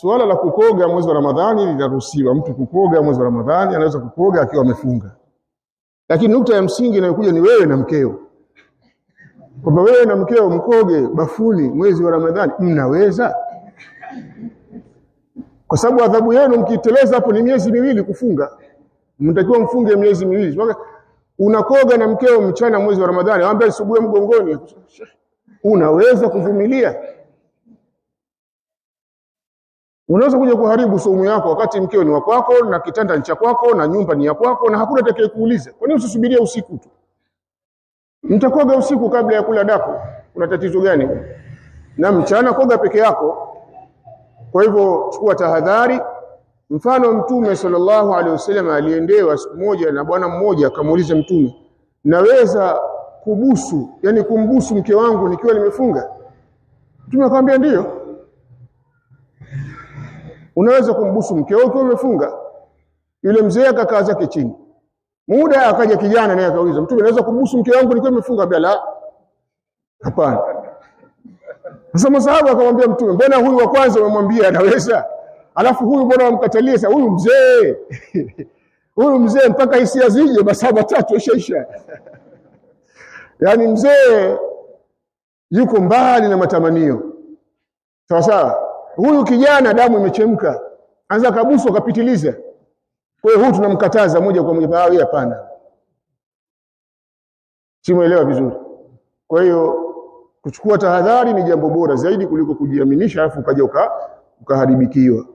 Suala la kukoga mwezi wa Ramadhani linaruhusiwa. Mtu kukoga mwezi wa Ramadhani anaweza kukoga akiwa amefunga, lakini nukta ya msingi inayokuja ni wewe na mkeo, kwamba wewe na mkeo mkoge bafuni mwezi wa Ramadhani. Mnaweza, kwa sababu adhabu yenu mkiteleza hapo ni miezi miwili kufunga, mtakiwa mfunge miezi miwili. Unakoga na mkeo mchana mwezi wa Ramadhani, aambia asubuhi mgongoni, unaweza kuvumilia? Unaweza kuja kuharibu somo yako wakati mkeo ni wa kwako na kitanda ni cha kwako na nyumba ni ya kwako na hakuna atakaye kuuliza. Kwa nini usisubiria usiku tu? Mtakoga usiku kabla ya kula dako. Una tatizo gani? Na mchana koga peke yako. Kwa hivyo chukua tahadhari. Mfano, Mtume sallallahu alaihi wasallam aliendewa siku moja na bwana mmoja, akamuuliza Mtume, naweza kubusu, yani kumbusu mke wangu nikiwa nimefunga? Mtume akamwambia ndiyo. Unaweza kumbusu mke wako umefunga. Yule mzee akakaa zake chini. Muda akaja kijana naye akauliza, Mtume, naweza kumbusu mke wangu nilikuwa nimefunga? Bila, hapana. Sasa masahaba akamwambia Mtume, mbona huyu wa kwanza umemwambia anaweza, alafu huyu mbona wamkatalie? Sasa huyu mzee huyu mzee mpaka hisia zije, masahaba tatu ishaisha. Yaani mzee yuko mbali na matamanio, sawa sawa Huyu kijana damu imechemka, anza kabusu akapitiliza. Kwa hiyo huyu tunamkataza moja kwa moja, hawi, hapana. Simuelewa vizuri. Kwa hiyo kuchukua tahadhari ni jambo bora zaidi kuliko kujiaminisha, afu ukaja ukaharibikiwa.